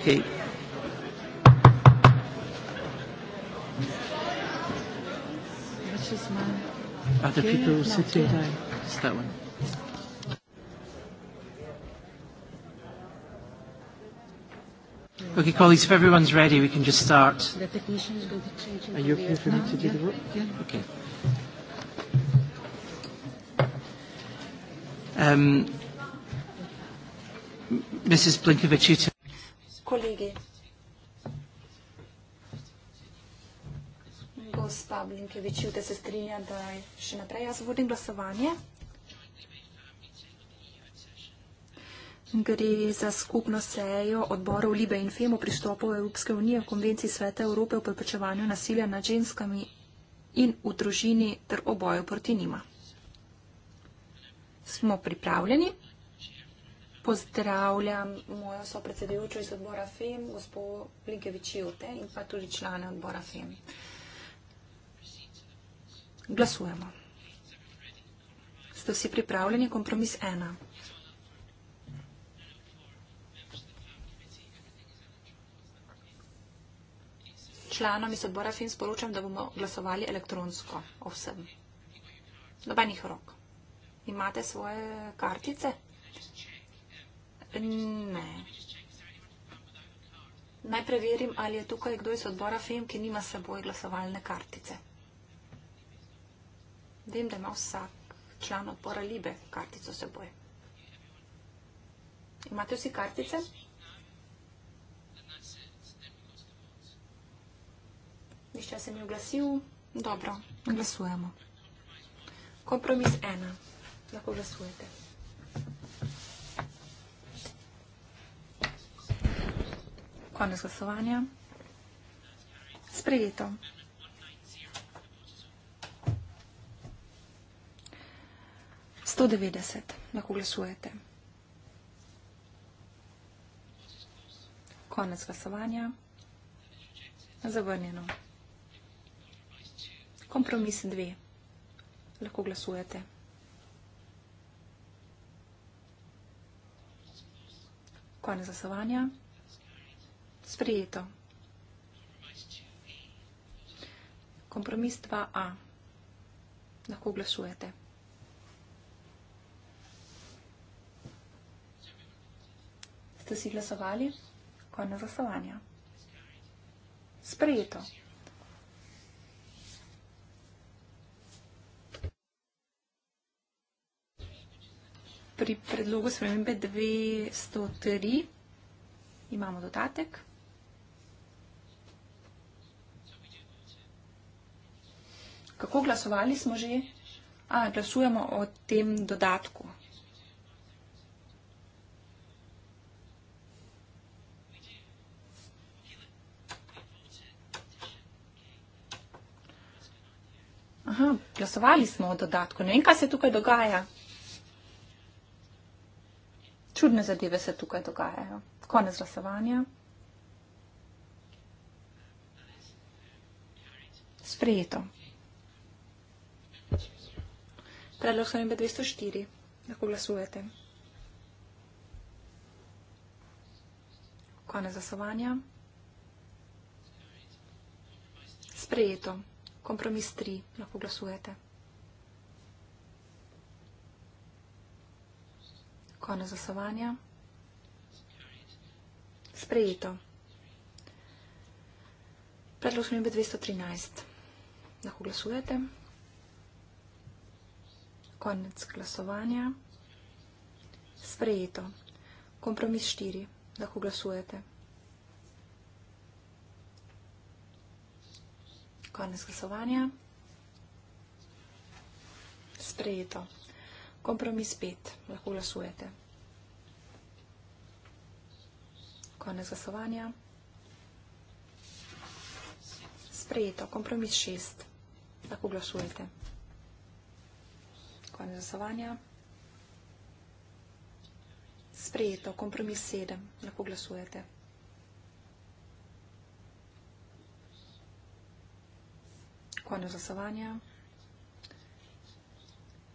okay. That's just mine. Other okay, people will no, sit here. It's that one. Okay, colleagues, if everyone's ready, we can just start. The technicians go to change. Are you okay for me to do yeah. the work? Yeah. Okay. Um, Mrs. Blinkovich, you kolegi. Gospa Blinkevič, da se strinja, da še naprej jaz vodim glasovanje. Gre za skupno sejo odborov Libe in Femo pristopu Evropske unije v Konvenciji Sveta Evrope o preprečevanju nasilja nad ženskami in v družini ter oboju proti njima. Smo pripravljeni. Pozdravljam mojo sopredsedujočo iz odbora FEM, gospod Linkevič Jote in pa tudi člane odbora FEM. Glasujemo. Ste vsi pripravljeni? Kompromis ena. Članom iz odbora FEM sporočam, da bomo glasovali elektronsko o vsem. Dobanih rok. Imate svoje kartice? Imate svoje kartice? Ne. Naj preverim, ali je tukaj kdo iz odbora FEM, ki nima seboj glasovalne kartice. Vem, da ima vsak član odbora Libe kartico seboj. Imate vsi kartice? Nišče se mi oglasil. Dobro, glasujemo. Kompromis ena. Lahko glasujete. Konec glasovanja. Sprejeto. Sto devetdeset. Lahko glasujete. Konec glasovanja. Zavrnjeno. Kompromis dve. Lahko glasujete. Konec glasovanja. Sprejeto. Kompromis 2a. Lahko oglašujete. Ste si glasovali? Konec glasovanja. Sprejeto. Pri predlogu spremembe 203 imamo dodatek. kako glasovali smo že? A, glasujemo o tem dodatku. Aha, glasovali smo o dodatku. Ne vem, kaj se tukaj dogaja. Čudne zadeve se tukaj dogajajo. Konec glasovanja. Sprejeto. Predlog spremembe 204. Lahko glasujete. Konec zasovanja. Sprejeto. Kompromis 3. Lahko glasujete. Konec zasovanja. Sprejeto. Predlog spremembe 213. Lahko glasujete. Konec glasovanja. Sprejeto. Kompromis štiri. Lahko glasujete. Konec glasovanja. Sprejeto. Kompromis pet. Lahko glasujete. Konec glasovanja. Sprejeto. Kompromis šest. Lahko glasujete konec glasovanja. Sprejeto, kompromis sedem, lahko glasujete. Konec glasovanja.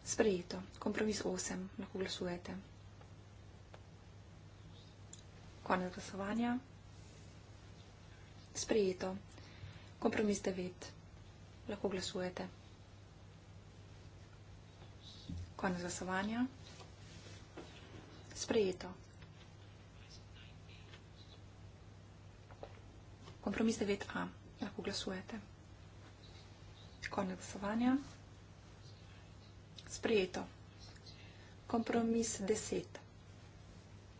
Sprejeto, kompromis osem, lahko glasujete. Konec glasovanja. Sprejeto, kompromis devet, lahko glasujete. Konec glasovanja. Sprejeto. Kompromis 9a. Lahko glasujete. Konec glasovanja. Sprejeto. Kompromis 10.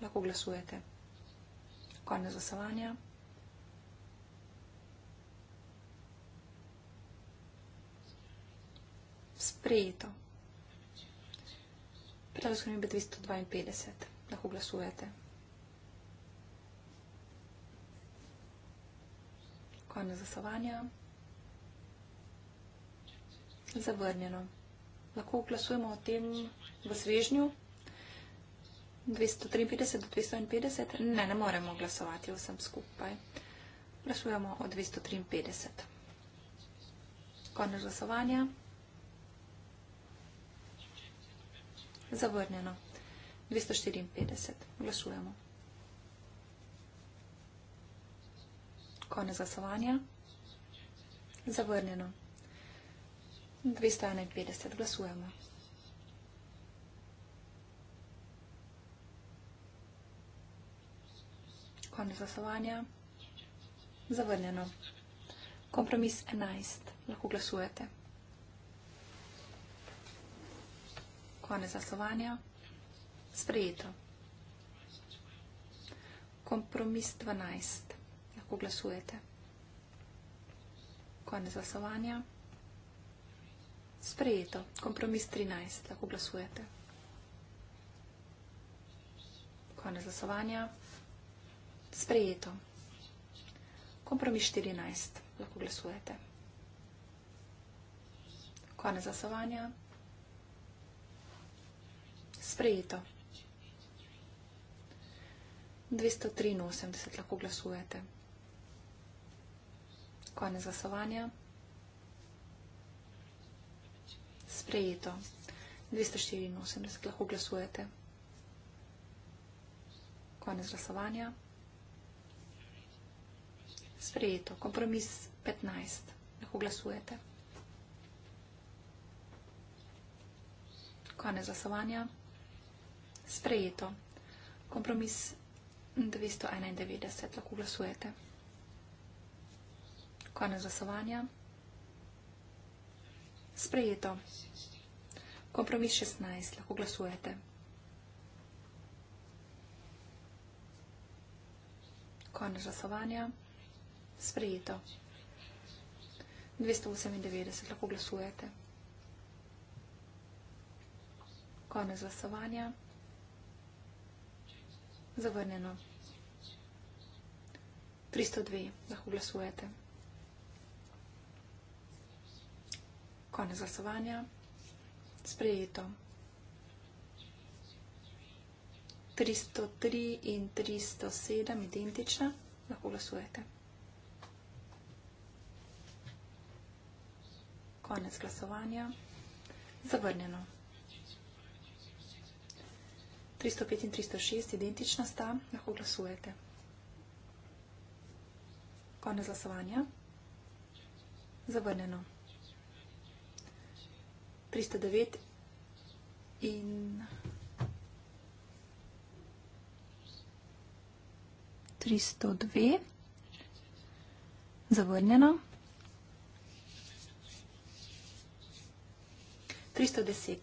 Lahko glasujete. Konec glasovanja. Sprejeto. Predlog skrbi 352. Lahko glasujete. Konec zasovanja. Zavrnjeno. Lahko glasujemo o tem v svežnju. 253 do 250. Ne, ne moremo glasovati o vsem skupaj. Glasujemo o 253. Konec zasovanja. Zavrnjeno. 254. Glasujemo. Konec glasovanja. Zavrnjeno. 251. Glasujemo. Konec glasovanja. Zavrnjeno. Kompromis 11. Lahko glasujete. Konec glasovanja. Sprejeto. Kompromis 12. Lahko glasujete. Konec glasovanja. Sprejeto. Kompromis 13. Lahko glasujete. Konec glasovanja. Sprejeto. Kompromis 14. Lahko glasujete. Konec glasovanja. Sprejeto sprejeto. 283 lahko glasujete. Konec glasovanja. Sprejeto. 284 lahko glasujete. Konec glasovanja. Sprejeto. Kompromis 15 lahko glasujete. Konec glasovanja sprejeto. Kompromis 291, lahko glasujete. Konec glasovanja. Sprejeto. Kompromis 16, lahko glasujete. Konec glasovanja. Sprejeto. 298, lahko glasujete. Konec glasovanja. Zavrnjeno. 302, lahko glasujete. Konec glasovanja. Sprejeto. 303 in 307, identična, lahko glasujete. Konec glasovanja. Zavrnjeno. 305 in 306 identična sta, lahko glasujete. Konec glasovanja. Zavrnjeno. 309 in 302. Zavrnjeno. 310.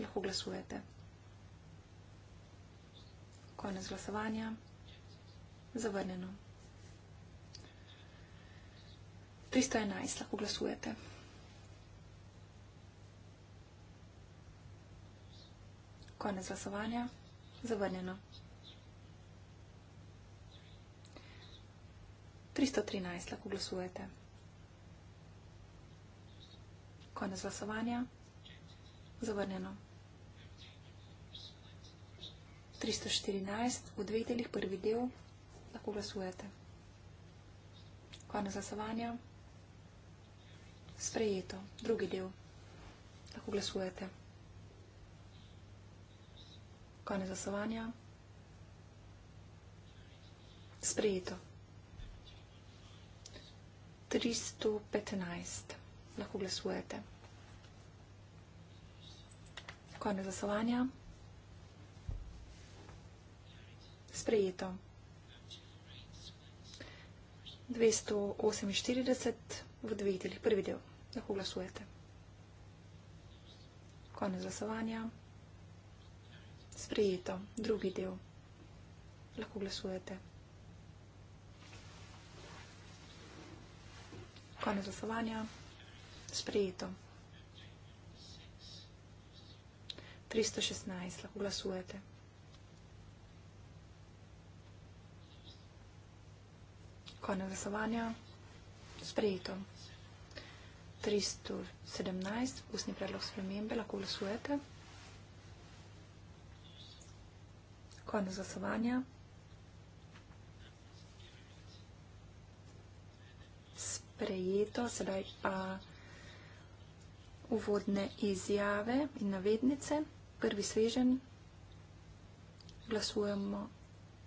Lahko glasujete. Konec glasovanja. Zavrnjeno. 311. Lahko glasujete. Konec glasovanja. Zavrnjeno. 313. Lahko glasujete. Konec glasovanja. Zavrnjeno. 314, v dveh delih prvi del, lahko glasujete. Hvala za savanja. Sprejeto, drugi del, lahko glasujete. Konec glasovanja. Sprejeto. 315. Lahko glasujete. Konec glasovanja. sprejeto. 248 v dveh delih. Prvi del. Lahko glasujete. Konec glasovanja. Sprejeto. Drugi del. Lahko glasujete. Konec glasovanja. Sprejeto. 316. Lahko glasujete. konverzovanja, sprejeto. 317, ustni predlog spremembe, lahko glasujete. Konec glasovanja. Sprejeto, sedaj pa uvodne izjave in navednice. Prvi svežen, glasujemo.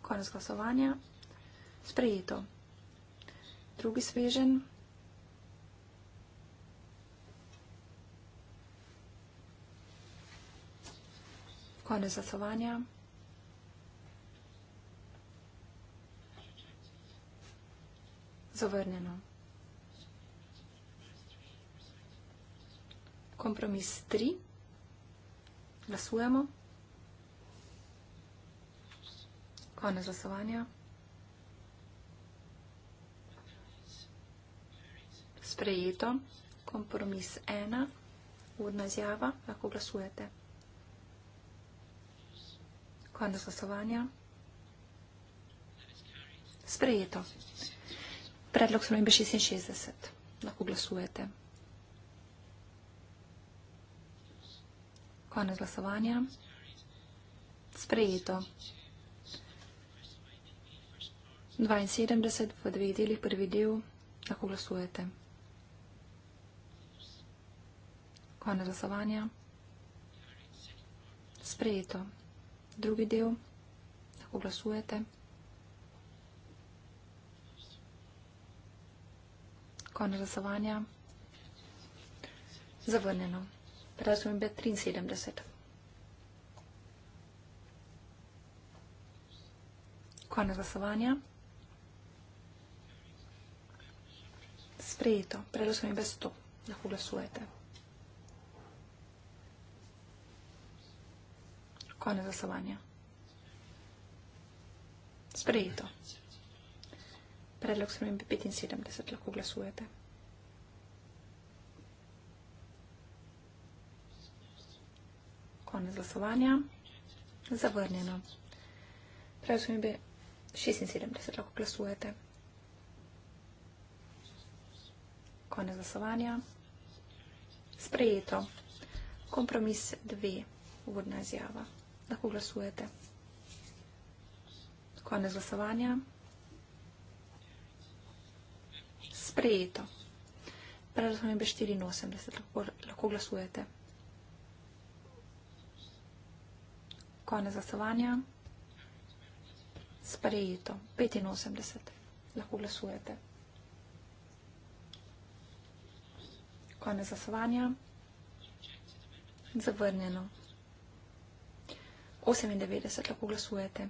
Konec glasovanja. Sprejeto drugi svežen. Konec zasovanja. Zavrnjeno. Kompromis 3. Glasujemo. Konec zasovanja. sprejeto. Kompromis ena, urna zjava, lahko glasujete. Konec glasovanja. Sprejeto. Predlog spremembe 66. Lahko glasujete. Konec glasovanja. Sprejeto. 72 v dveh delih, prvi del, lahko glasujete. Konec glasovanja. Sprejeto. Drugi del. Lahko glasujete. Konec glasovanja. Zavrnjeno. Prelazimo in B73. Konec glasovanja. Sprejeto. Prelazimo in B100. Lahko glasujete. Sprejeto. Konec glasovanja. Sprejeto. Predlog spremembe 75 lahko glasujete. Konec glasovanja. Zavrnjeno. Predlog spremembe 76 lahko glasujete. Konec glasovanja. Sprejeto. Kompromis 2. Uvodna izjava lahko glasujete. Konec glasovanja. Sprejeto. Predlagam imbe 84, lahko, lahko glasujete. Konec glasovanja. Sprejeto. 85, lahko glasujete. Konec glasovanja. Zavrnjeno. 98 lahko glasujete.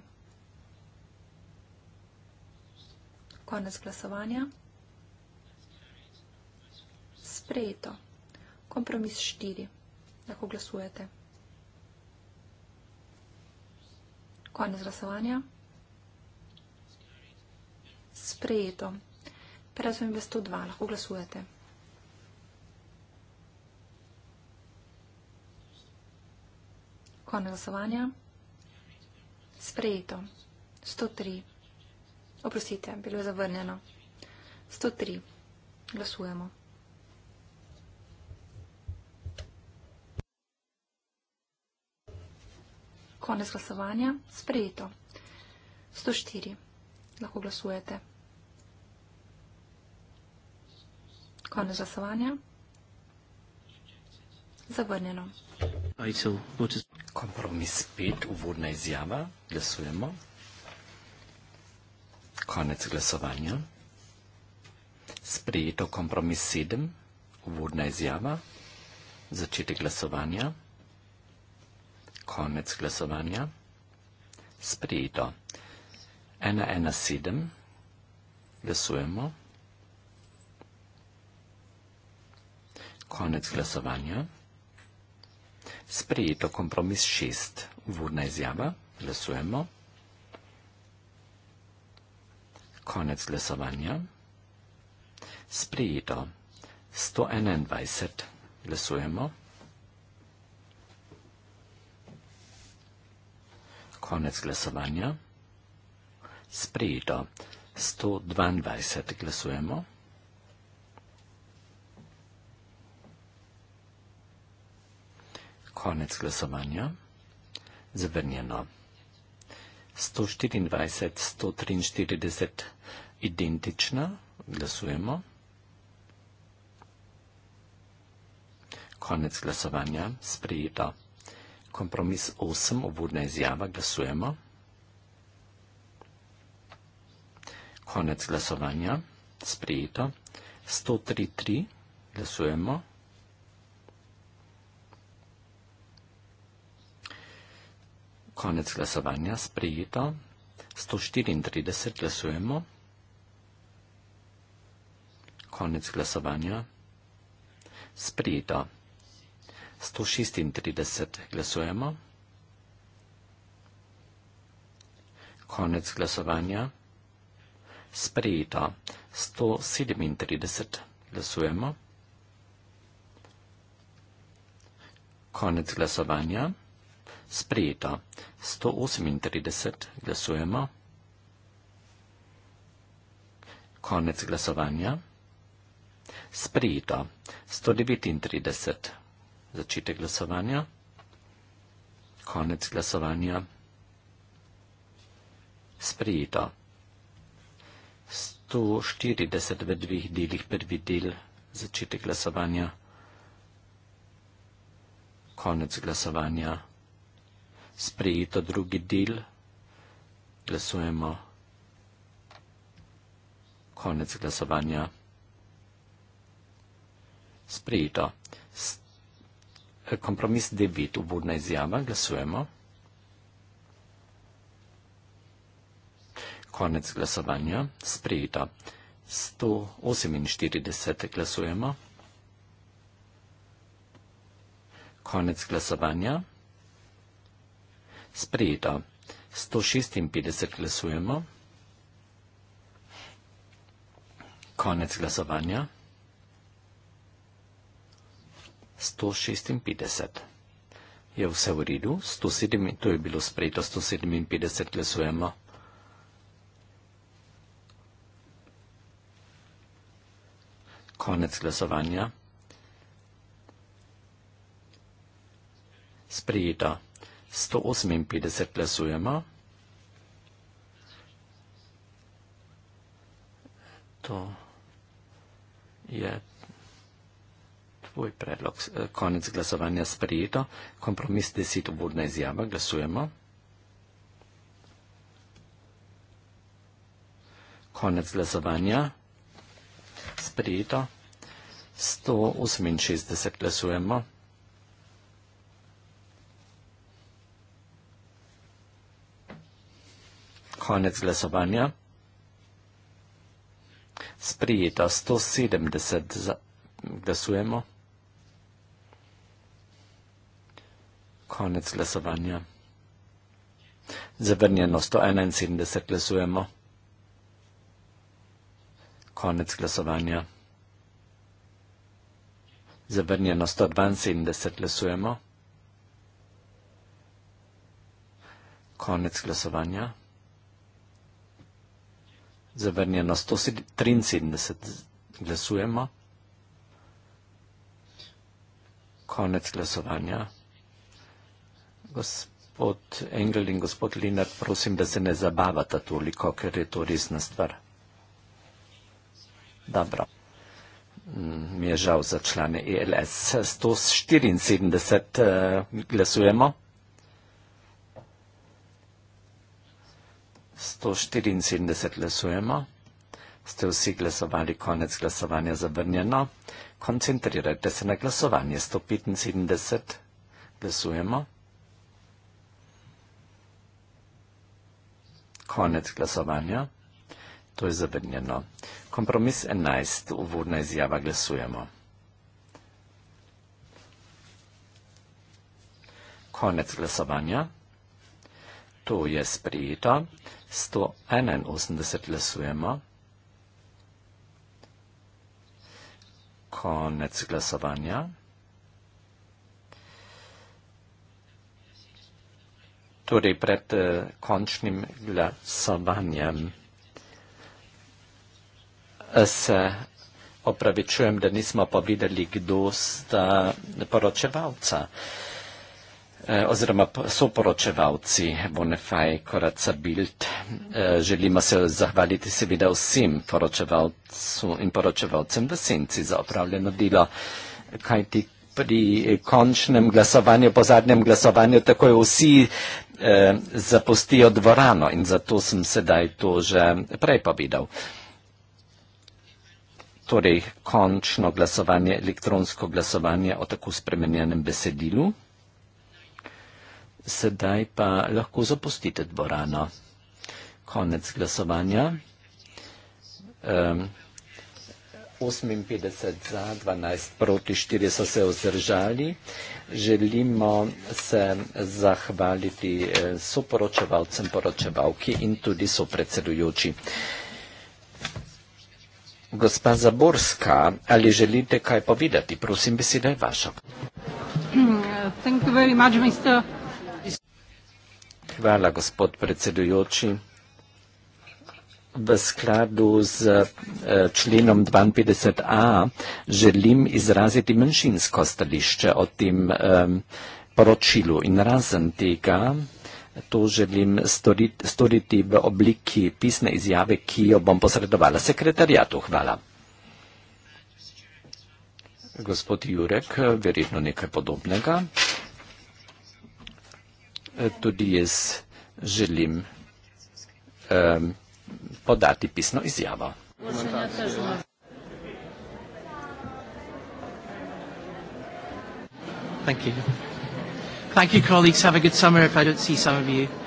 Konec glasovanja. Sprejeto. Kompromis 4. Lahko glasujete. Konec glasovanja. Sprejeto. Prezvem v 102. Lahko glasujete. Konec glasovanja. Sprejeto. Sprejeto. 103. Oprostite, bilo je zavrnjeno. 103. Glasujemo. Konec glasovanja. Sprejeto. 104. Lahko glasujete. Konec glasovanja. Zavrnjeno. ISO, Kompromis pet, uvodna izjava, glasujemo. Konec glasovanja. Sprejeto kompromis sedem, uvodna izjava, začetek glasovanja. Konec glasovanja. Sprejeto. 1.1.7. Glasujemo. Konec glasovanja sprejeto kompromis 6. Uvodna izjava. Glasujemo. Konec glasovanja. Sprejeto. 121. Glasujemo. Konec glasovanja. Sprejeto. 122. Glasujemo. Glasujemo. konec glasovanja. Zavrnjeno. 124, 143 identična. Glasujemo. Konec glasovanja. Sprejeto. Kompromis 8, obvodna izjava. Glasujemo. Konec glasovanja. Sprejeto. 133. Glasujemo. Glasujemo. konec glasovanja, sprejeto, 134 glasujemo, konec glasovanja, sprejeto, 136 glasujemo, konec glasovanja, sprejeto, 137 glasujemo, konec glasovanja, sprejeto, sprejeta. 138 glasujemo. Konec glasovanja. Sprejeta. 139. Začetek glasovanja. Konec glasovanja. Sprejeta. 140 v dveh delih prvi del. Začetek glasovanja. Konec glasovanja sprejeto drugi del, glasujemo konec glasovanja. Sprejeto. Eh, kompromis 9, uvodna izjava, glasujemo. Konec glasovanja, sprejeto. 148 glasujemo. Konec glasovanja sprejeta. 156 glasujemo. Konec glasovanja. 156. Je vse v redu? 107, to je bilo sprejeto. 157 glasujemo. Konec glasovanja. Sprejeto. 158 glasujemo. To je tvoj predlog. Eh, konec glasovanja sprejeto. Kompromis 10 obvodna izjava. Glasujemo. Konec glasovanja. Sprejeto. 168 glasujemo. konec glasovanja. Sprijeta 170 za... glasujemo. Konec glasovanja. Zavrnjeno 171 glasujemo. Konec glasovanja. Zavrnjeno 172 glasujemo. Konec glasovanja zavrnjen na 173 glasujemo. Konec glasovanja. Gospod Engel in gospod Linar, prosim, da se ne zabavata toliko, ker je to resna stvar. Dobro. Mm, mi je žal za člane ELS. 174 eh, glasujemo. 174 glasujemo. Ste vsi glasovali konec glasovanja zavrnjeno? Koncentrirajte se na glasovanje. 175 glasujemo. Konec glasovanja. To je zavrnjeno. Kompromis 11. Uvodna izjava glasujemo. Konec glasovanja. To je sprijeto. 181 glasujemo. Konec glasovanja. Torej pred eh, končnim glasovanjem eh, se opravičujem, da nismo povedali, kdo sta poročevalca. Eh, oziroma soporočevalci Bonefaj Koraca Bild. Eh, želimo se zahvaliti seveda vsem poročevalcu in poročevalcem v senci za opravljeno delo, kajti pri končnem glasovanju, po zadnjem glasovanju, tako je vsi eh, zapustijo dvorano in zato sem sedaj to že prej povedal. Torej, končno glasovanje, elektronsko glasovanje o tako spremenjenem besedilu sedaj pa lahko zapustite dvorano. Konec glasovanja. Um, 58 za, 12 proti, 4 so se vzdržali. Želimo se zahvaliti eh, soporočevalcem, poročevalki in tudi sopredsedujoči. Gospa Zaborska, ali želite kaj povedati? Prosim, beseda je vaša. Hvala lepa, gospod Hvala, gospod predsedujoči. V skladu z eh, členom 52a želim izraziti manjšinsko stališče o tem eh, poročilu in razen tega to želim storiti v obliki pisne izjave, ki jo bom posredovala sekretarjatu. Hvala. Gospod Jurek, verjetno nekaj podobnega. Eh, tudi jaz želim um, podati pisno izjavo. Thank you. Thank you, colleagues. Have a good summer if I don't see some of you.